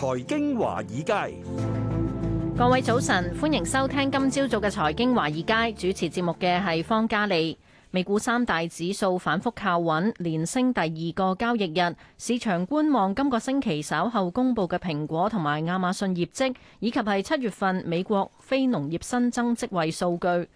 財經華爾街，各位早晨，歡迎收聽今朝早嘅財經華爾街。主持節目嘅係方嘉利。美股三大指數反覆靠穩，連升第二個交易日。市場觀望今個星期稍後公布嘅蘋果同埋亞馬遜業績，以及係七月份美國非農業新增職位數據。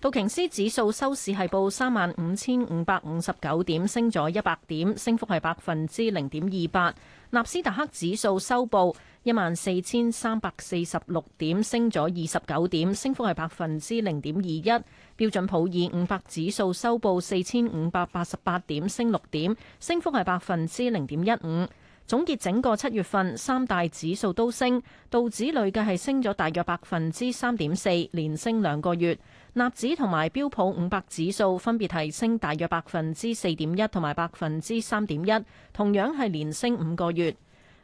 道瓊斯指數收市係報三萬五千五百五十九點，升咗一百點，升幅係百分之零點二八。納斯達克指數收報一萬四千三百四十六點，升咗二十九點，升幅係百分之零點二一。標準普爾五百指數收報四千五百八十八點，升六點，升幅係百分之零點一五。總結整個七月份三大指數都升，道指累計係升咗大約百分之三點四，連升兩個月。納指同埋標普五百指數分別提升大約百分之四點一同埋百分之三點一，同樣係連升五個月。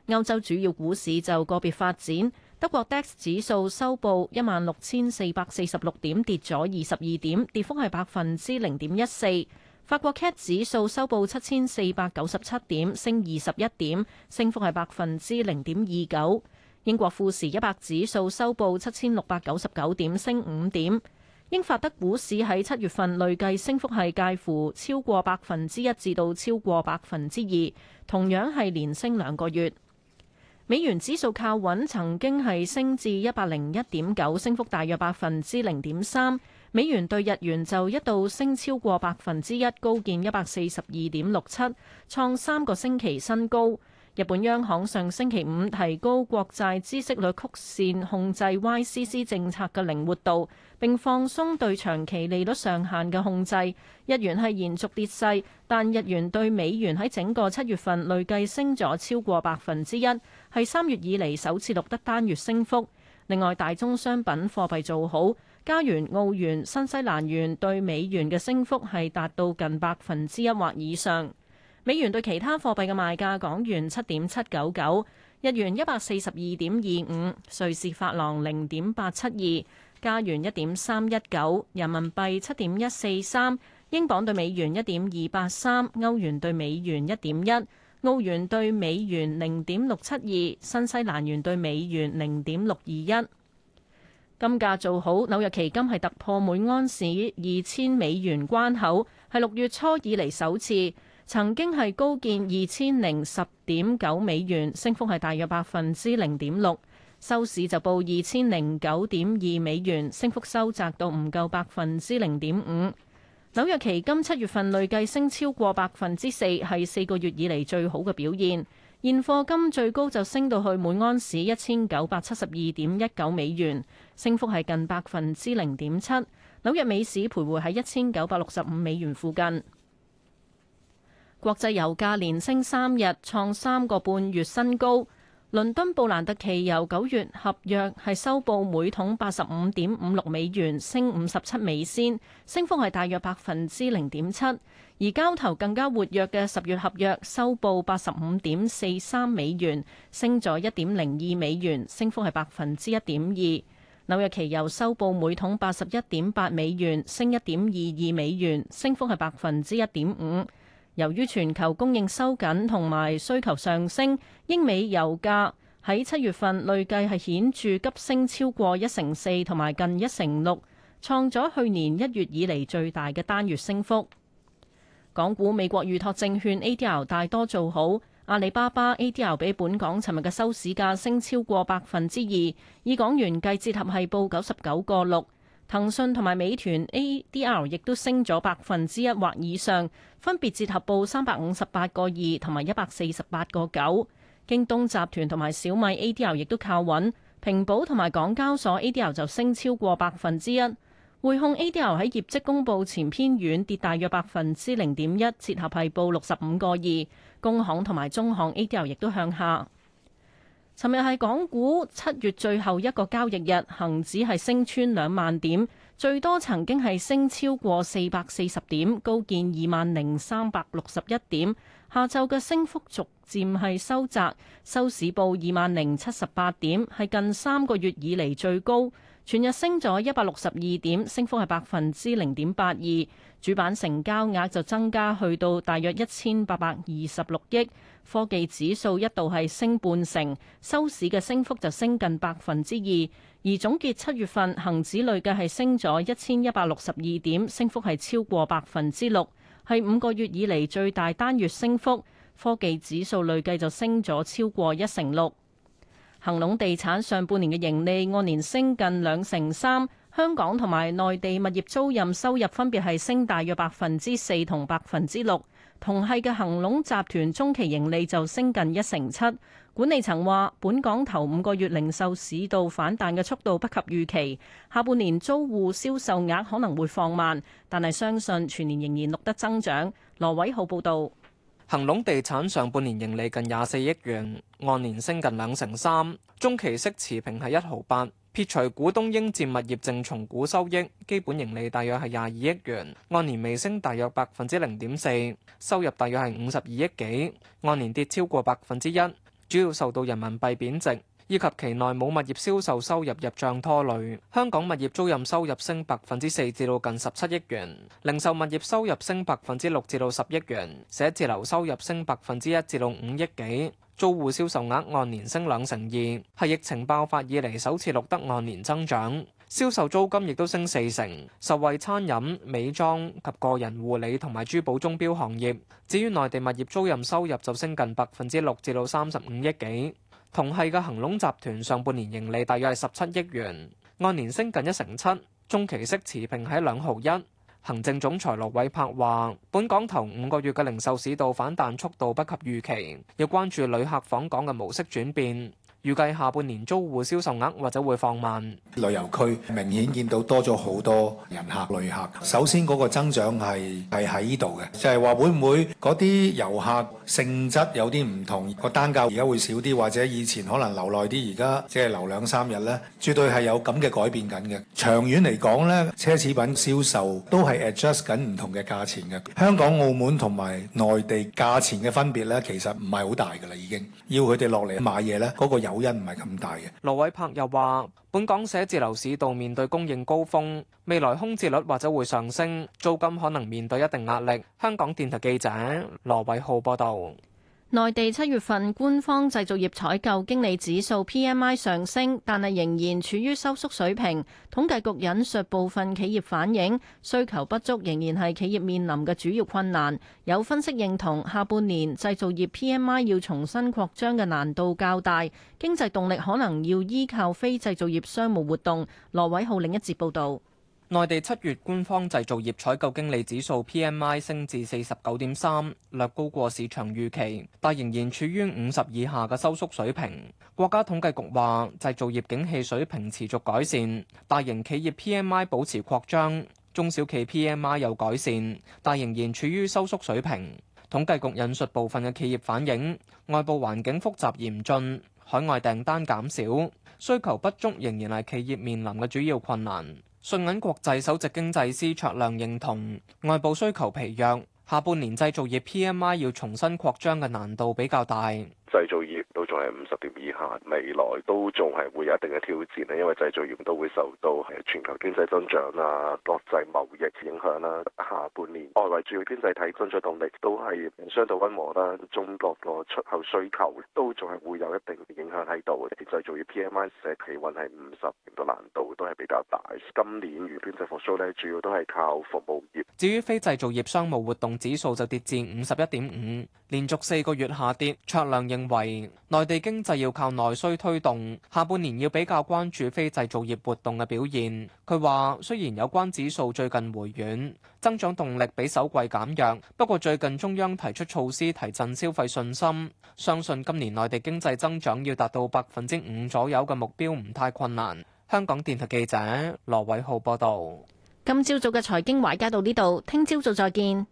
歐洲主要股市就個別發展，德國 DAX 指數收報一萬六千四百四十六點，跌咗二十二點，跌幅係百分之零點一四。法國 CAC 指數收報七千四百九十七點，升二十一點，升幅係百分之零點二九。英國富時一百指數收報七千六百九十九點，升五點。英法德股市喺七月份累計升幅係介乎超過百分之一至到超過百分之二，同樣係連升兩個月。美元指數靠穩，曾經係升至一百零一點九，升幅大約百分之零點三。美元兌日元就一度升超過百分之一，高見一百四十二點六七，創三個星期新高。日本央行上星期五提高國債孳息率曲線控制 YCC 政策嘅靈活度，並放鬆對長期利率上限嘅控制。日元係延續跌勢，但日元兌美元喺整個七月份累計升咗超過百分之一，係三月以嚟首次錄得單月升幅。另外，大宗商品貨幣做好。加元、澳元、新西蘭元對美元嘅升幅係達到近百分之一或以上。美元對其他貨幣嘅賣價：港元七點七九九，日元一百四十二點二五，瑞士法郎零點八七二，加元一點三一九，人民幣七點一四三，英鎊對美元一點二八三，歐元對美元一點一，澳元對美元零點六七二，新西蘭元對美元零點六二一。金價做好，紐約期金係突破每安士二千美元關口，係六月初以嚟，首次。曾經係高見二千零十點九美元，升幅係大約百分之零點六。收市就報二千零九點二美元，升幅收窄到唔夠百分之零點五。紐約期金七月份累計升超過百分之四，係四個月以嚟最好嘅表現。現貨金最高就升到去每安士一千九百七十二點一九美元，升幅係近百分之零點七。紐約美市徘徊喺一千九百六十五美元附近。國際油價連升三日，創三個半月新高。倫敦布蘭特期油九月合約係收報每桶八十五點五六美元，升五十七美仙，升幅係大約百分之零點七。而交投更加活躍嘅十月合約收報八十五點四三美元，升咗一點零二美元，升幅係百分之一點二。紐約期油收報每桶八十一點八美元，升一點二二美元，升幅係百分之一點五。由於全球供應收緊同埋需求上升，英美油價喺七月份累計係顯著急升超過一成四同埋近一成六，創咗去年一月以嚟最大嘅單月升幅。港股美國預託證券 ADR 大多做好，阿里巴巴 ADR 比本港尋日嘅收市價升超過百分之二，以港元計折合，結合係報九十九個六。騰訊同埋美團 ADR 亦都升咗百分之一或以上，分別折合報三百五十八個二同埋一百四十八個九。京東集團同埋小米 ADR 亦都靠穩，平保同埋港交所 ADR 就升超過百分之一。匯控 ADR 喺業績公佈前偏軟，跌大約百分之零點一，折合係報六十五個二。工行同埋中行 ADR 亦都向下。尋日係港股七月最後一個交易日，恒指係升穿兩萬點，最多曾經係升超過四百四十點，高見二萬零三百六十一點。下晝嘅升幅逐漸係收窄，收市報二萬零七十八點，係近三個月以嚟最高。全日升咗一百六十二點，升幅係百分之零點八二。主板成交額就增加去到大約一千八百二十六億。科技指數一度係升半成，收市嘅升幅就升近百分之二。而總結七月份恒指累計係升咗一千一百六十二點，升幅係超過百分之六，係五個月以嚟最大單月升幅。科技指數累計就升咗超過一成六。恒隆地產上半年嘅盈利按年升近兩成三，香港同埋內地物業租賃收入分別係升大約百分之四同百分之六。同系嘅恒隆集團中期盈利就升近一成七。管理層話，本港頭五個月零售市道反彈嘅速度不及預期，下半年租戶銷售額可能會放慢，但係相信全年仍然錄得增長。羅偉浩報導。恒隆地產上半年盈利近廿四億元，按年升近兩成三，中期息持平係一毫八。撇除股東應佔物業淨重估收益，基本盈利大約係廿二億元，按年微升大約百分之零點四。收入大約係五十二億幾，按年跌超過百分之一，主要受到人民幣貶值，以及期內冇物業銷售收入入帳拖累，香港物業租賃收入升百分之四，至到近十七億元；零售物業收入升百分之六，至到十億元；寫字樓收入升百分之一，至到五億幾；租戶銷售額按年升兩成二，係疫情爆發以嚟首次錄得按年增長。銷售租金亦都升四成。受惠餐飲、美妝及個人護理同埋珠寶鐘錶行業，至於內地物業租賃收入就升近百分之六，至到三十五億幾。同系嘅恒隆集團上半年盈利大約係十七億元，按年升近一成七，中期息持平喺兩毫一。行政總裁羅偉柏話：本港頭五個月嘅零售市道反彈速度不及預期，要關注旅客訪港嘅模式轉變。預計下半年租戶銷售額或者會放慢。旅遊區明顯見到多咗好多人客、旅客。首先嗰個增長係係喺呢度嘅，就係話會唔會嗰啲遊客性質有啲唔同，個單價而家會少啲，或者以前可能留耐啲，而家即係留兩三日呢，絕對係有咁嘅改變緊嘅。長遠嚟講呢，奢侈品銷售都係 adjust 緊唔同嘅價錢嘅。香港、澳門同埋內地價錢嘅分別呢，其實唔係好大㗎喇，已經要佢哋落嚟買嘢呢，嗰個遊。原音唔係咁大嘅。羅偉柏又話，本港寫字樓市道面對供應高峰，未來空置率或者會上升，租金可能面對一定壓力。香港電台記者羅偉浩報道。內地七月份官方製造業採購經理指數 PMI 上升，但係仍然處於收縮水平。統計局引述部分企業反映，需求不足仍然係企業面臨嘅主要困難。有分析認同，下半年製造業 PMI 要重新擴張嘅難度較大，經濟動力可能要依靠非製造業商務活動。羅偉浩另一節報導。內地七月官方製造業採購經理指數 PMI 升至四十九點三，略高過市場預期，但仍然處於五十以下嘅收縮水平。國家統計局話，製造業景氣水平持續改善，大型企業 PMI 保持擴張，中小企 PMI 有改善，但仍然處於收縮水平。統計局引述部分嘅企業反映，外部環境複雜嚴峻，海外訂單減少，需求不足仍然係企業面臨嘅主要困難。信銀國際首席經濟師卓亮認同，外部需求疲弱，下半年製造業 PMI 要重新擴張嘅難度比較大。製造業五十點以下，未來都仲係會有一定嘅挑戰咧，因為製造業都會受到全球經濟增長啊、國際貿易影響啦。下半年外圍主要經濟體增長動力都係相對溫和啦，中國個出口需求都仲係會有一定嘅影響喺度。製造業 PMI 社企穩係五十，咁到難度都係比較大。今年如經濟復蘇咧，主要都係靠服務業。至於非製造業商務活動指數就跌至五十一點五，連續四個月下跌。卓量認為內。內地經濟要靠內需推動，下半年要比較關注非製造業活動嘅表現。佢話雖然有關指數最近回軟，增長動力比首季減弱，不過最近中央提出措施提振消費信心，相信今年內地經濟增長要達到百分之五左右嘅目標唔太困難。香港電台記者羅偉浩報道。今朝早嘅財經華爾街到呢度，聽朝早再見。